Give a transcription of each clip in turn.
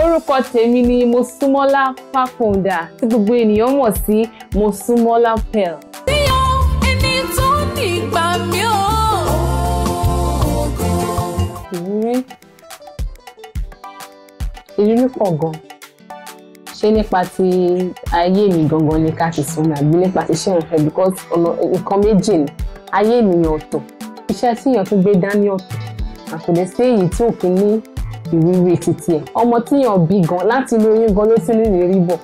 orúkọ tèmi ni mosúmọ́lá fákúndà tí gbogbo ènìyàn mọ̀ sí mosúmọ́lá pearl. bí o ẹni tó nígbà mi ò. ìrírí ìrírí pọ̀ gan ṣé nípa ti ayé mi gangan ni ká ti sùn àbí nípa ti iṣẹ́ ìrìnfẹ́ because ọ̀nà nǹkan méjì ni ayé ènìyàn ọ̀tọ̀ iṣẹ́ tíyàn tún gbé dání ọ̀tọ̀ àkùdé sí èyí tí òkè ní ìrírí títí ẹ̀ ọmọ tíyàn bí gan láti inú oyún gan ló ti ní ìrírí bọ̀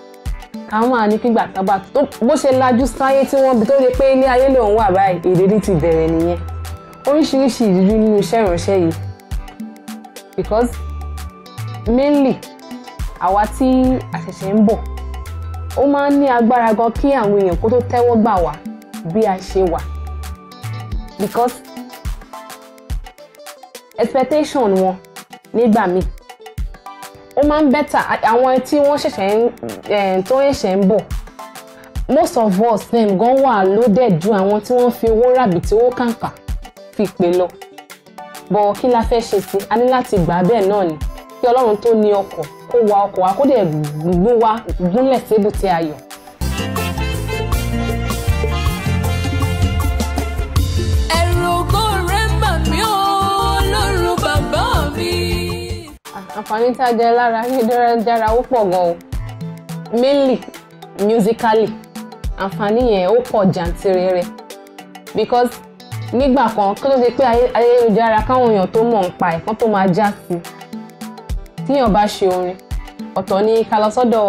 ká máa ní kígbà tábà tó bó ṣe lajú sáyé tí wọ́n bi tó lè pé ilé ayé lòun wà báyìí ìrírí ti bẹ̀rẹ̀ nìyẹn oríṣiríṣi ìrírí nínú iṣẹ́ ìránṣẹ́ yìí because mainly àwa tí àṣẹ̀ṣẹ̀ ń bọ̀ ó máa ń ní agbára gan kí àwọn èèyàn kó tó tẹ́wọ́ gbà wá bí a ṣe wà because expectation wọn nígbà míì ó máa ń bẹ́tà àwọn tí wọ́n ṣẹ̀ṣẹ̀ ń eh, tó ń bọ̀ most of us dem gan wà loaded ju àwọn tí wọ́n fi owó ràbì tí owó kàǹkà fi pè lọ bọ̀ kí la fẹ́ ṣe sí a ní láti gbà bẹ́ẹ̀ náà ni kí ọlọ́run tó ní ọkọ̀ kó wa ọkọ̀ wa kó dẹ̀ gún wa gúnlẹ̀ sébùté ayọ̀ àǹfààní tá a jẹ lára ayélujára ó pọ̀ gan o mainly musically àǹfààní yẹn ó pọ̀ jàǹtìrẹrẹ because nígbà kan kí ló dé pé ayélujára káwọn èèyàn tó mọ̀ ń pa ẹ̀kan tó máa já sí tíyàn bá ṣe orin ọ̀tọ̀ ni ká lọ sọ́dọ̀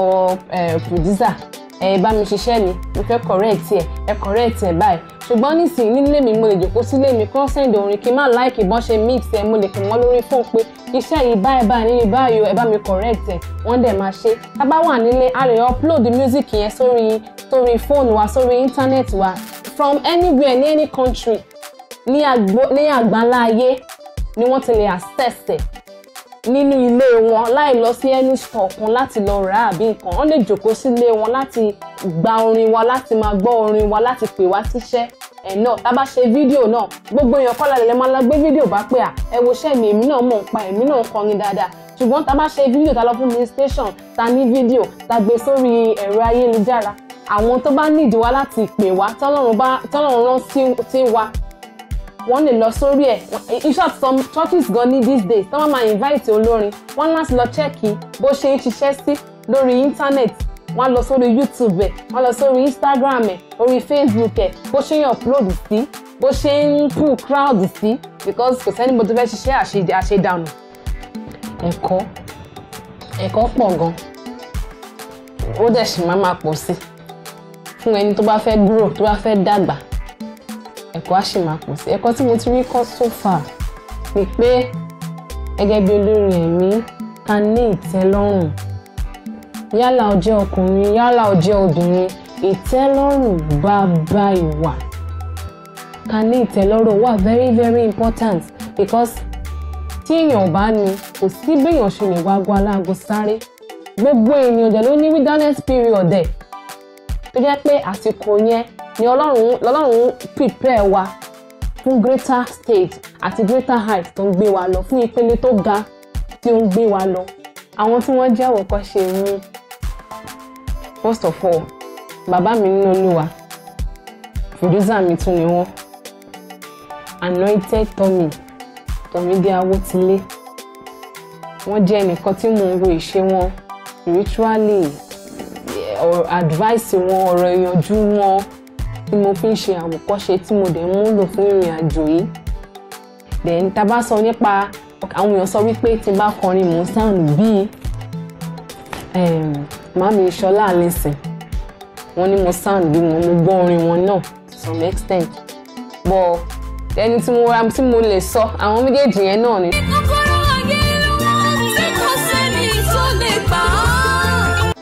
eh, producer ẹ bá mi ṣiṣẹ́ mi mo fẹ́ correct ẹ ẹ correct ẹ báyìí ṣùgbọ́n nísìnyí nílé mi mo lè jòkó sílé mi kọ́ send orin kí n má like bọ́n ṣe mix ẹ mo lè pè wọ́n lórí fóun pé iṣẹ́ yìí báyìí báyìí nínú báyìí ẹ bá mi correct ẹ wọ́n dẹ̀ máa ṣe a bá wà nílé a lè upload music yẹn sórí sórí fóònù wa sórí internet wa from anywhere ní any country ní àgbáńlá ayé ni wọ́n ti lè access ẹ̀ nínú ilé wọn láì lọ sí ẹni kọ̀ọ̀kan láti lọ rà àbí nǹkan wọ́n lè jòkó sílé wọn láti gba orin wa láti máa gbọ́ orin wa láti pè wá síṣẹ́ ẹ̀ náà tá ṣe fídíò náà gbogbo èèyàn kọ́lá lè máa la gbé fídíò bá pé à ẹ wo iṣẹ́ mi èmi náà mọ̀ ń pa èmi náà ń kọrin dáadáa ṣùgbọ́n tá a bá ṣe fídíò tá lọ fún mi station ta ní fídíò ta gbé sórí ẹ̀rọ ayélujára àwọn tó bá nídìí wa láti pè wá tọ́lọ́run rán sí wa wọ́n lè lọ sórí ẹ̀ in some churches gan ní these days tọ́wọ́n máa invite olórin wọ́n láti lọ chẹ́ẹ̀kì bó ṣe ń ṣiṣẹ́ sí lórí internet wọ́n lọ sórí youtube ẹ̀ wọ́n lọ sórí instagram ẹ̀ orí facebook ẹ̀ bó ṣe ń upload sí bó ṣe ń pull crowd sí because kò sẹ́ni mo tó fẹ́ ṣiṣẹ́ àṣedànù. ẹ̀kọ́ ẹ̀kọ́ pọ̀ gan ó dẹ̀ sì máa máa pọ̀ sí fún ẹni tó bá fẹ́ grow tó bá fẹ́ dàgbà ẹ̀kọ́ á sì sí ẹ̀kọ́ tí mo ti rí kọ́ so far ni pé gẹ́gẹ́ bí olórin ẹ̀mí ká ní ìtẹ́lọ́rùn yálà o jẹ́ ọkùnrin yálà o jẹ́ obìnrin ìtẹ́lọ́rùn baba ìwà ká ní ìtẹ́lọ́rùn wà very very important because tí èèyàn bá ní kò sí béèyàn ṣe lè wá ago aláago sáré gbogbo ènìyàn dẹ̀ ló ní wilderness period dẹ̀ tó jẹ́ pé àsìkò yẹn ni ọlọ́run lọ́lọ́run prepare wa fún greater stage àti greater height tó ń gbé wa lọ fún ìpele tó ga tí ó ń gbé wa lọ àwọn tí wọ́n jẹ́ àwòkọ́ṣe mi first of all bàbá mi nínú olúwa producer mi tún ni wọ́n anointed Tommy Tommy, Tomide Awotile wọ́n jẹ́ ẹnìkan tí mò ń wo ìṣe wọn spiritually eh, advice wọn ọ̀rọ̀ ìyànjú wọn tí mo fi ń ṣe àwòkọ́ṣe tí mo dẹ̀ ń múlò fún ìrìn àjò yìí then tá bá sọ nípa àwọn èèyàn sọ wípé tí n bá kọrin mò ń sound bíi ehm, mami Ṣọlá Allyson wọ́n ní mo sound bíi wọn mo gbọ́ orin wọn náà to some extent but ẹni tí mo ra tí mo lè sọ àwọn méjèèjì yẹn náà ni.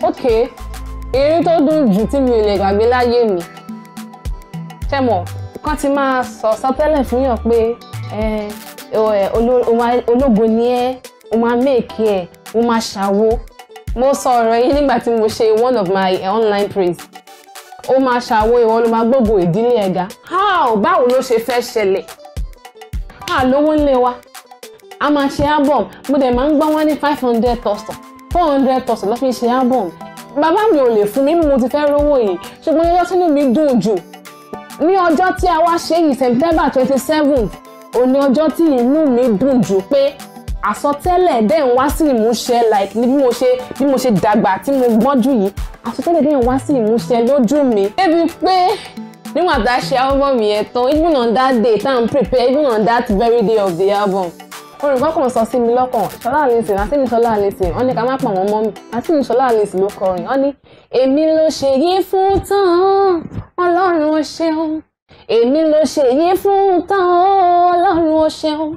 ok eré tó dùn jù tí mi ò lè gbàgbé láyé mi ṣe mọ̀ kán ti máa sọ sọtẹ́lẹ̀ fún yàn pé ológo ni ẹ́ o máa méèkì ẹ̀ o máa ṣàwo mo sọ ọ̀rọ̀ yìí nígbà tí mo ṣe one of my online praise ó máa ṣàwo ìwọ ló máa gbogbo ìdílé ẹ̀ ga how báwo ló ṣe fẹ́ ṣẹlẹ̀ a lówó ń lé wa a máa ṣe album mo dẹ̀ máa ń gbọ́ wọn ní five hundred thousand four hundred thousand ló fi ṣe album bàbá mi ò lè fún mi mo ti fẹ́ rówó yìí ṣùgbọ́n yọ́sínú mi dùn jù ní ọjọ́ tí a wá ṣe yìí september twenty seventh òní ọjọ́ tí inú mi dùn jù pé àsọtẹ́lẹ̀ dẹ̀ ń wá sí ìmúṣẹ like ní bí mo ṣe bí mo ṣe dàgbà tí mo gbọ́njú yìí àsọtẹ́lẹ̀ dẹ̀ ń wá sí ìmúṣẹ lójú mi. débi pé nígbà tá a ṣe album yẹn tán even on that day tá à prepare even on that very day of the album olùkọ́ kan sọ sí mi lọ́kàn ṣọlá àlẹ́sìn àti mi ṣọlá àlẹ́sìn wọ́n ní ká má pọ̀ wọ́n mọ́ mi àti mi ṣọlá àlẹ́sìn ló kọrin wọ́n ní èmi ló ṣe yí fún tán ọlọ́run ó ṣeun èmi ló ṣe yí fún tán ọlọ́run ó ṣeun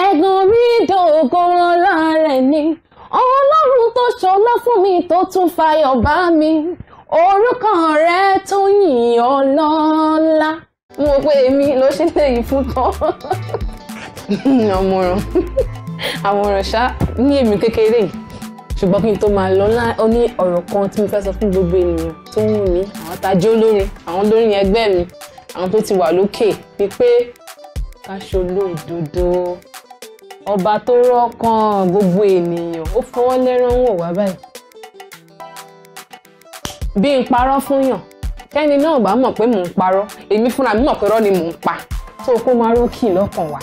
ẹ̀gbọ́n mi dògo ọlá rẹ̀ ni ọlọ́run tó ṣọlá fún mi tó tún fayọ̀ bá mi orúkọ rẹ̀ tó yìn ọlọ́lá mo pe èmi ló ṣe lè fún tán. àmọ̀ràn àmọ̀ràn ṣá ní èmi kékeré yìí ṣùgbọ́n kí n tó máa lọ ó ní ọ̀rọ̀ kan tí mo fẹ́ sọ fún gbogbo ènìyàn tó ń wù mí àwọn tá a jẹ́ olórin àwọn olórin ẹgbẹ́ mi àwọn tó ti wà lókè ni pé ká ṣolódodo ọba tó rọ́kàn gbogbo ènìyàn ó fọwọ́ lẹ́rán wò wá báyìí bí n parọ́ fún yàn kẹ́ni náà bá mọ̀ pé mò ń parọ́ èmi fúnra mi mọ̀ pé irọ́ ni mò ń pa tó kó máa rókì lọ́kàn wa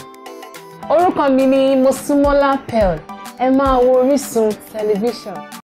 orúkọ mi ni Mosúnmọ́lá Pearl ẹ máa wo Orísun tẹlifíṣàn.